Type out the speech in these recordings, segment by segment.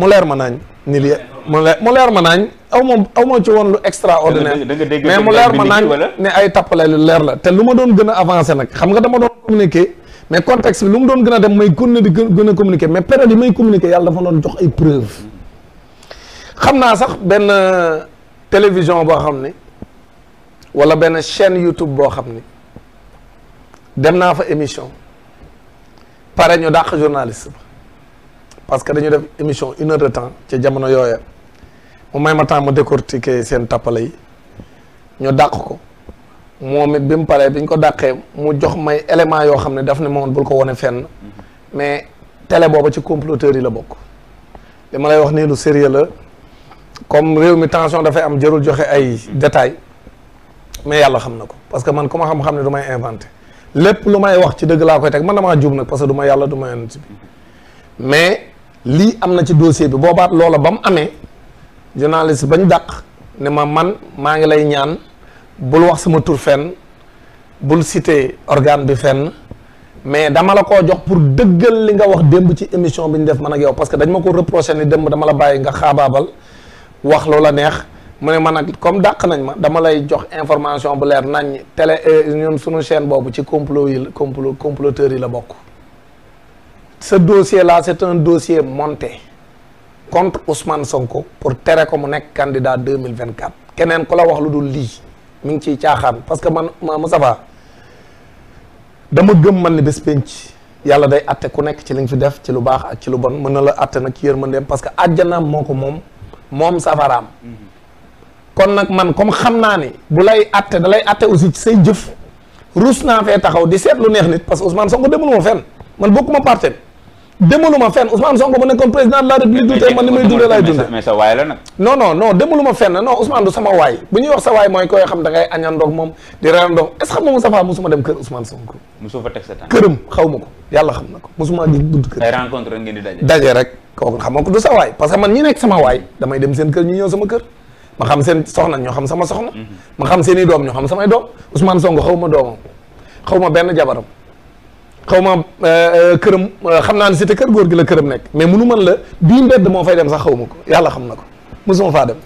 mu leer ma naañ ni li mu leer mu ma naañ aw ma aw ma ci woon lu extraordinaire mais mu leer ma naañ ne ay tappale lu leer la te lu ma doon gën a avancé nag xam nga dama doon communiquer mais contexte lu mu doon gën a dem may continuer di gën a communiquer mais période may communiquer yàlla dafa doon jox ay preuve xam naa sax benn euh, télévision boo xam ne wala benn chaîne YouTube boo xam ne dem naa fa émission pare ñu dàq journaliste parce que dañu def émission une heure de temps ci jamono yooya mu may ma temps mu décortiquer seen tappale yi ñu dàq ko moom it bi mu paree bi ñu ko dàqee mu jox may élément yoo xam ne daf ne moom bul ko wone fenn mais télé booba ci comploteurs yi la bokk li ma lay wax nii lu sérieux la comme réew mi tension dafay am jërul joxe ay détails mais yàlla xam na ko parce que man ku ma xam-xam ne du may inventé lépp lu may wax ci dëgg laa koy teg man damaa juum nag parce que du yàlla du ma yonent bi lii am na ci dossier bi boobaat loola ba mu amee journaliste bañ dàq ne ma man maa ngi lay ñaan bul wax sama tur fenn bul cité organe bi fen mais dama la koo jox pour dëggal li nga wax démb ci émission bi ñu def man ak yow parce que dañ ma ko reproché ni démb dama la bàyyi nga xaabaabal wax loolu a neex mu ne man nag comme dàq nañ ma dama lay jox information bu leer nañ télé euh, ñun sunu chaîne boobu ci complot yi complot comploteurs yi la bokk ce dossier là c'est un dossier monté contre Ousmane Sonko pour tere ko mu nekk candidat 2024 keneen ku la wax lu dul lii mi ngi ciy caaxaan parce que man ma Moustapha dama gëm man ni bés penc yàlla day atte ku nekk ci li nga fi def ci lu baax ak ci lu bon mën na la atte nag ci yërmandeem parce que àjjanaam moo ko moom moom safaraam mm-hmm. kon nag man comme xam naa ni bu lay atte da lay atte aussi ci say jëf rus naa fee taxaw di seet lu neex nit parce que Ousmane Sonko demul ma fe man bokkuma parten demaluma fenn Ousmane Sonko mu nekkoon président de la République du tey man li may dundee laay dundee mais sa waay la nag non non non demaluma fenn non Ousmane du sama waay bu ñuy wax sa waay mooy koy xam da añandoog moom di reyandoog est-ce que xam nga Moustapha mosuma dem kër Ousmane Sonko mosoo fa teg sa tànk xam na ko mosuma gis bunt kër ay rencontre ngeen di daje rek kooku xam nga ko du sa waay parce que man ñi nekk sama waay damay dem seen kër ñu ñëw sama kër ma xam seen soxna ñoo xam sama soxna mhm. ma xam seeni doom ñoo xam samay doom Ousmane Sonko xaw ma doomam xaw ma benn jabaram xaw ma euh, euh, këram euh, xam naa ne si te kër goor gi la këram nekk mais munu man la bii mbedd moo fay dem sax xaw ma ko yàlla xam na ko mosuma faa dem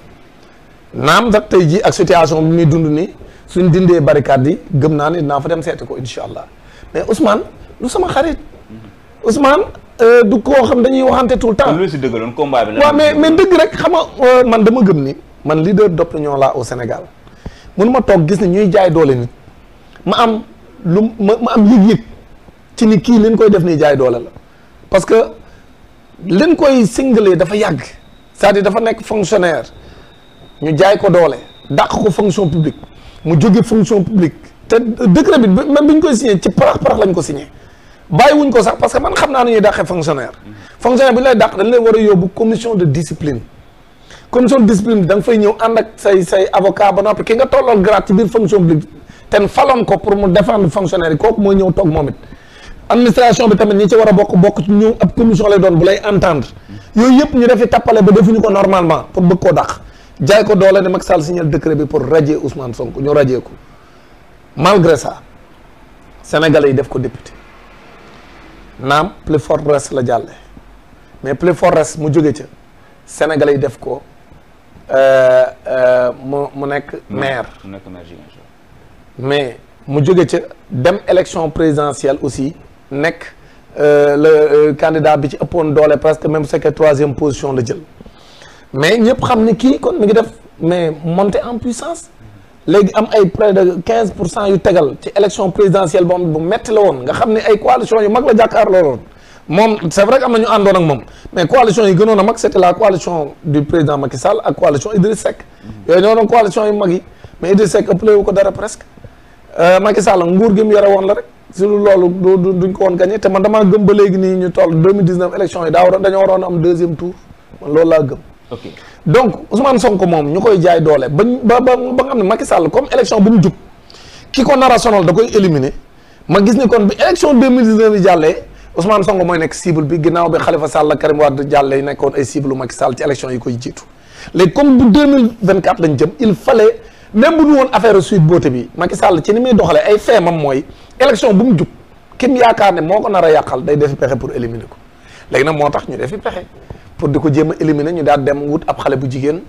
naam nag tey ji ak situation bi muy dund ni suñ dindee barricade yi gëm naa ne naa fa dem seeti ko incha allah mais Ousmane du sama xarit mhm. Ousmane du koo xam dañuy waxante tout le temps. lu si dëggaloon combat bi. waaw mais mais dëgg rek xam nga man dama gëm ni man leader d'opinion laa au Sénégal mun ma toog gis ne ñuy jaay doole nit ma am lu ma am yëg-yëg. ci ni kii leen koy def nii jaay doole la parce que leen koy singalee dafa yàgg cest à dafa nekk fonctionnaire ñu jaay ko doole dàq ko fonction publique mu jóge fonction publique te décret bi même bi ñu koy signé ci parax parax lañ ko signé bàyyiwuñ ko sax parce que man xam naa ne ñuy dàqee fonctionnaire fonctionnaire bi ñu lay dàq dañ war a yóbbu commission de discipline commission de discipline da nga fay ñëw ànd ak say say avocat ba noppi ki nga tollool grade ci biir fonction publique ten faloon ko pour mu défendre fonctionnaire yi mooy ñëw toog moom administration bi tamit ñi ci war a bokk bokk ci ñu ab commission lay doon bu lay entendre yooyu yëpp ñu defi tappale ba defuñu ko normalement pour bëgg koo dàq jaay ko doole ne Macky Sall signal décret bi pour radier Ousmane Sonko ñu radier ko malgré ça sénégalais yi def ko député naam plus fort reste la jàlle mais plus fort reste mu jóge ca sénégalais yi def ko euh, euh, mu mu nekk maire mais mu jóge ca dem élection présidentielle aussi nekk euh, le euh, candidat bi ci ëppoon doole presque même c'est que troisième position la jël mais ñëpp xam ni kii kon mi ngi def mais monter en puissance léegi am ay près de pour cent yu tegal ci élection présidentielle boo bu metti la woon nga xam ne ay coalition yu mag la jàkkaarloo woon moom c'est vrai que am na ñu àndoon moom mais coalition yi gënoon a mag c'était la coalition du président Macky Sall ak coalition Idriss Seck yooyu ñoo doon coalition yu mag yi mais Idriss Seck ëppale wu ko dara presque euh, Macky Sall nguur gi mu woon la si loolu du duñ ko woon gagné te man damaa gëm ba léegi nii ñu toll 2019 élection yi daa waroon dañoo waroon am deuxième tour man loolu laa gëm. ok donc Ousmane Sonko moom ñu koy jaay doole bañ ba ba ba nga xam ne Macky Sall comme élection bu mu jub ki ko nar a sonal da koy éliminer ma gis ni kon bi élection 2019 yi jàllee Ousmane Sonko mooy nekk cible bi ginnaaw bi Khalifa Sall Karim Wade jàllee yi nekkoon ay cible Macky Sall ci élection yi koy jiitu léegi comme bu 2024 lañ jëm il fallait même bu ñu woon affaire suite boote bi Macky Sall ci ni muy doxalee ay feemam mooy. élection bu mu jub kim yaakaar ne moo ko nar a yàqal day def pexe pour éliminer ko léegi nag moo tax ñu def pexe pour di ko jéem a éliminer ñu daal dem wut ab xale bu jigéen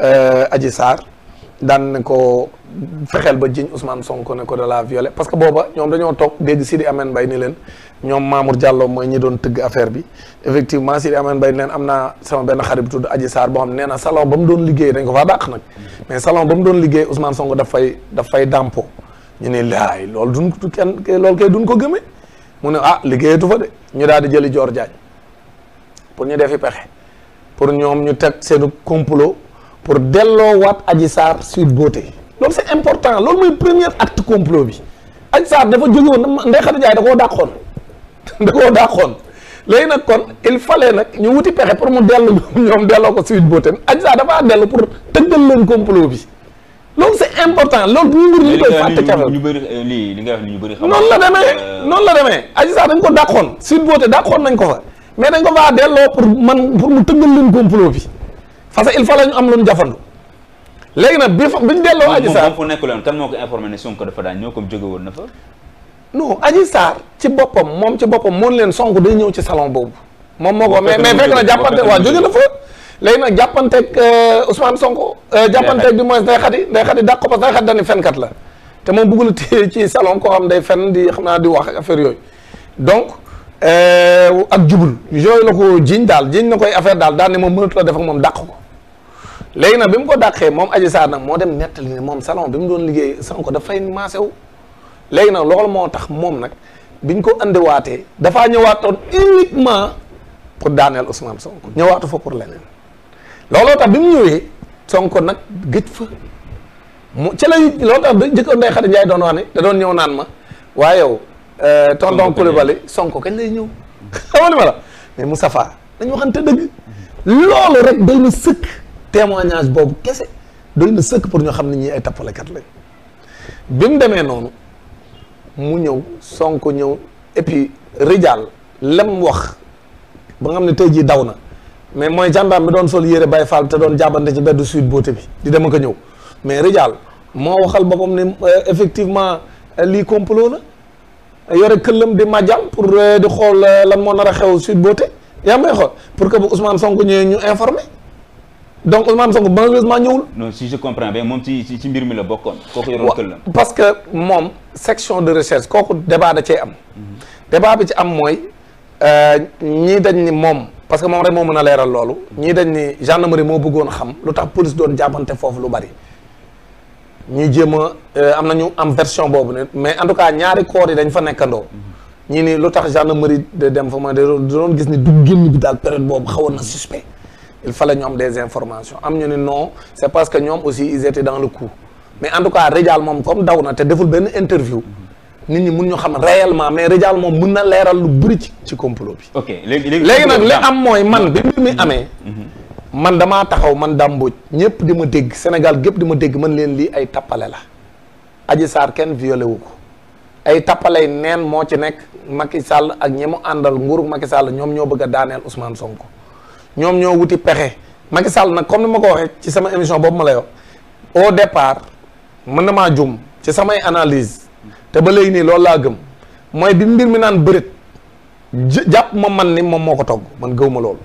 euh, Adji Sarr daan ne ko fexeel ba jiñ Ousmane Sonko ne ko da la violé parce que booba ñoom dañoo toog dégg Sidi Amène Bay ni leen ñoom Mamour Diallo mooy ñi doon tëgg affaire bi effectivement Sidi Amène Bay ni leen am naa sama benn xarit bu tudd Adji Sarr boo xam nee na salon ba mu doon liggéey dañ ko faa dàq nag mais salon ba mu doon liggéey Ousmane Sonko daf daf fay dàmpo ñu ne laay lool duñ ko kenn loolu kay duñ ko gëmee mu ne ah liggéeyatu fa de ñu daal di jëli Joor Jaañ pour ñu defi pexe pour ñoom ñu teg seenu complot pour delloo waat Adji Sarr Sweet Beauté loolu c'est important loolu mooy premier acte complot bi Adji Sarr dafa jóge woon Ndeye Khady Ndiaye da koo dàqoon da koo dàqoon léegi nag kon il fallait nag ñu wuti pexe pour mu dellu ñoom delloo ko Sweet Beauté Adji Sarr dafa dellu pour tëggal leen complot bi loolu c' est important loolu nguur ñu koy fàtte ca ñu bëri li li nga wax ñu bëri euh, ko dàqoon Sweet Beauté nañ ko fa mais dañ ko faa delloo pour man bi parce que il faut la ñu am lu ñu jafandu léegi nag bi fa ñu delloo Adji Sarr nekk loon kan moo ko informé ne Sonko dafa daan ñoo comme jóge woon na ci boppam moom ci boppam moon leen Sonko day ñëw ci salon boobu moom moo ko mais mais fekk na jàppante waa jóge na fa léegi nag jàppanteeg euh, Ousmane Sonko. Euh, jàppanteeg bi mooy Ndeye Khady Ndeye Khady dàq ko parce que Ndeye Khady dañu fenkat la te moom bëggul ci salon koo xam day fen di xam naa di wax affaire yooyu donc euh, ak jubul yooyu la ko jiñ daal jiñ na koy affaire daal daal ne moom mënatu la def ak moom dàq ko léegi nag bi mu ko dàqee moom Adji Sarr nag moo dem nettali ne moom salon bi mu doon liggéey Sonko dafay maase wu léegi nag loolu moo tax moom nag biñ ko andiwaatee dafaa ñëwaatoon uniquement pour daaneel Ousmane Sonko ñëwaatu fa pour leneen. looloo tax bi mu ñëwee Sonko nag gëj fa mu ci la looloo tax jëkkër Ndeye Khady Ndiaye doon wax ñëw naan ma waaye yow euh, tonton Coulibaly Sonko kañ lay ñëw xamal ma la mais Moustapha dañu waxante dëgg loolu rek doy na sëkk témoignage boobu kese doy na sëkk pour ñu xam ne ñii ay tappalekat lañ bi mu demee noonu mu ñëw Sonko ñëw et puis rijaal lem wax ba nga xam ne tey jii daw na mais mooy gendarme bi doon sol yére Baye Fall te doon jàppante ci beddu suite boote bi di dem ak a ñëw mais Rijaal moo waxal boppam ne euh, effectivement euh, lii complot la yore këllam di màjjal pour euh, di xool lan moo nar a xew suite boote yaa may xool pour que bu Ousmane Sonko ñëwee ñu informé donc Ousmane Sonko malheureusement ñëwul. non si je comprends bien moom ci mbir mi la bokkoon. kooku yoroon këllam parce que moom section de recherche kooku débat da cee am. Mhm. débat bi ci am mooy ñii dañ ni moom. parce que moom rek moo mën a leeral loolu. ñii dañ ni gendarmerie moo bëggoon xam lu tax police doon jàppante foofu lu bari. ñii jéem a euh, na ñu am version boobu ne mais en tout cas ñaari corps yi dañ fa nekkandoo. ñii ni lu tax gendarmerie de dem fa ma da doon gis ni du génn bi daal période boobu xawoon na suspect. il fallait ñu am des informations am ñu ne non c' parce que ñoom aussi ils étaient dans le coup mais en tout cas Ridial moom comme daw na te deful benn interview. nit ñi mun ñu xam réellement mais Rijal moom mun na leeral lu bëri ci ci complot bi. ok léegi léegi nag li am mooy man bi mbir mhm. amee. Mhm. man damaa taxaw man dàmbooj ñëpp di ma dégg Sénégal gépp di ma dégg man leen lii ay tappale la. Adji Sarr kenn violé wu ko ay tappale yi neen moo ci nekk Macky Sall ak ñi mu àndal nguuru Macky Sall ñoom ñoo bëgg a daaneel Ousmane Sonko ñoom ñoo wuti pexe Macky Sall nag comme ni ma ko waxee ci sama émission boobu ma lay wax au départ mën na maa jum ci samay analyse te ba léegi nii loolu laa gëm mooy bi mbir mi naan bërit jàpp ma man ni moom moo ko togg man gëw ma loolu.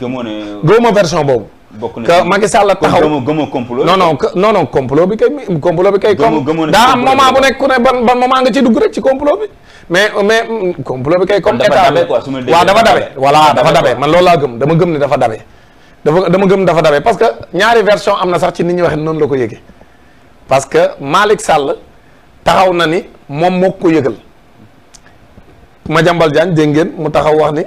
gëmoo ne gëw ma version boobu. bokk na que Macky Sall taxaw gëmoo gëmoo complot. non non non non complot bi kay complot bi kay. gëmoo gëmoo ne am moment bu nekk ku ne ban ban moment rek ci complot bi. mais mais bi kay. comme état bi dafa dabe voilà dafa dabe man loolu laa gëm dama gëm ni dafa dabe. dafa dama gëm dafa dabe que ñaari version am na sax ci nit ñi waxee noonu la ko yëgee parce que Malick Sall taxaw na ni. moom mook ko yëgal Madiambal Diagne dégg ngeen mu taxaw wax ni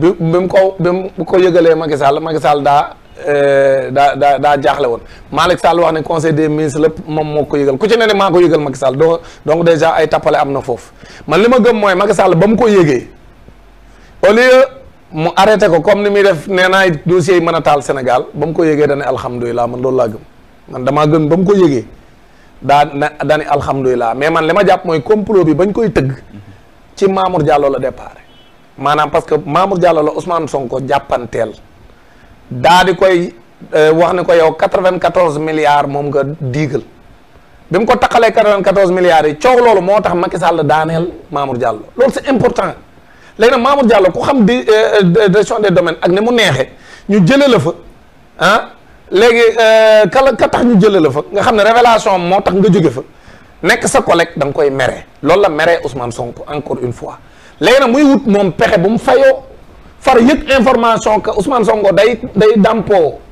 bi bi mu ko bi mu ko yëgalee Sall Macky Sall daa euh, daa daa daa jaaxle woon Malick Sall wax ne conseil des ministres lépp moom moo ko yëgal ku ci ne ne maa ko yëgal Macky Sall donc déjà ay tappale am na foofu man li ma gëm mooy Macky Sall ba mu ko yëgee au lieu mu arrêté ko comme ni muy def nee naa dossiers yi mën a taal Sénégal ba mu ko yëgee dañ ne alhamdulilah man loolu laa gëm man damaa gëm ba mu ko yëgee. daa na daani alhamdulilah mais man li ma jàpp mooy complot bi bañ koy tëgg ci Mamour Diallo la départ maanaam parce que Mamour Diallo la Ousmane Sonko jàppanteel daa di koy euh, wax ne ko yow 94 milliards moom nga diigal bi mu ko taqalee 94 milliards yi coow loolu moo tax Macky Sall daaneel Mamour Diallo loolu c'est important léegi nag Mamour Diallo ku xam di euh, euh, direction des domaines ak ne mu neexee ñu jële la fa ah. léegi euh, kala ka tax ñu jëlee la fa nga xam ne révélation moo tax nga jóge fa nekk sa collègue da nga koy mere loolu la mere Ousmane Sonko encore une fois léegi nag muy wut moom pexe bu mu fayoo far yëg information que Ousmane Sonko day day dàmpoo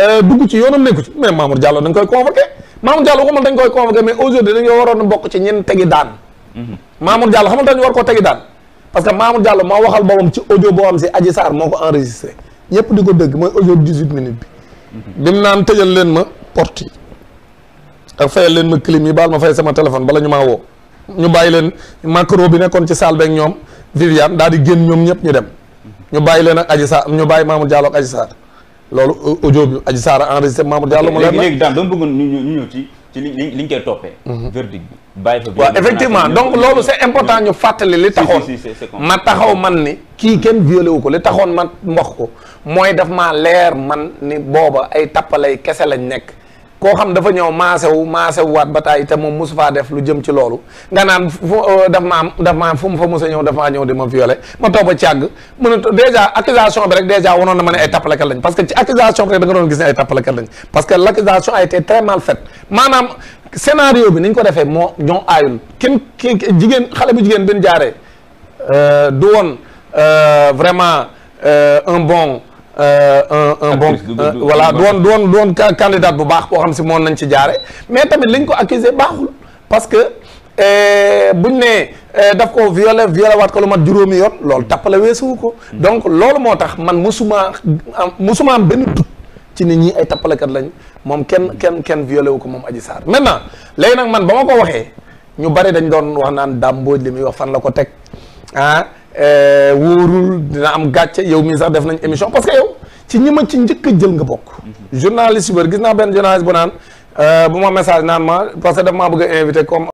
Euh, dugg ci yoonam nekku ci mais Mamour Diallo dañ koy convoqué Mamour Diallo waxuma dañ koy convoqué mais aujourd'hui dañoo waroon a bokk ci ñen tegi daan mhm. Mamour Diallo xamal dañu war koo tegi daan parce que Mamour Diallo moo waxal boppam ci audio boo xam si Adji Sarr moo ko enregistré ñëpp di ko dégg mooy audio 18 minutes bi mhm. bi mu naan tëjal leen ma porte yi ak fayal leen ma clim yi baal ma fay sama téléphone bala ñu maa woo ñu bàyyi leen macro bi nekkoon ci salle beeg ñoom Viviane daal di génn ñoom ñëpp ñu dem mhm. ñu bàyyi leen ak Adji Sarr ñu bàyyi Mamour Diallo ak Adji Sarr loolu euh, audio bi Adji Sarr a enregistré Mamour Diallo mu leer na léegi daan dama bëggoon ñu ñu ñëw ci li li li ñu koy toppee. Mhm. verdict bi bàyyi fa. waaw effectivement donc loolu c' est important ñu fàttali li taxoon ma taxaw man ni. kii kenn violé ko li taxoon ma wax ko mooy daf maa leer man ni booba ay tappalay kese lañ nekk. koo xam dafa ñëw maasewu maasewu waat ba tàyyi te moom mosu faa def lu jëm ci loolu nga naan fu euh, daf maa daf maa fu mu fa mos a ñëw dafa ñëw di ma violé ma toog ba càgg mën a déjà accusation bi rek déjà wanoon na ma ne ay tappalekat lañ parce que doon gis ne ay tappalekat lañ parce que l'accusation a été très mal faite maanaam scénario bi ni ñu ko defee moo ñoo aayul kenn jigéen xale bu jigéen bin jaaree euh, du woon euh, vraiment un bon Euh, un un bon euh, voilà doon doon doon candidat bu baax boo xam si moom nañ ci jaare mais tamit liñ ko accusé baaxul parce que euh, buñ nee daf ko violé violé waat ko lu mat juróomi yoon loolu tappale weesuwu ko donc loolu moo tax man musuma musuma am benn dut ci nit ñi ay tappalekat lañ moom kenn kenn kenn violé wu ko moom aji Sarr maintenant léegi nag man ba ma ko waxee ñu bari dañ doon wax naan Dame Mbodj li muy wax fan la ko teg ah Euh, wóorul dina am gàcce yow mi sax def nañ émission parce que ci ñi ma ci njëkk jël nga bokk. Mhm. journaliste yu bëri gis naa benn journaliste bu naan euh, bu ma message naan ma parce que daf maa bëgg a invité comme.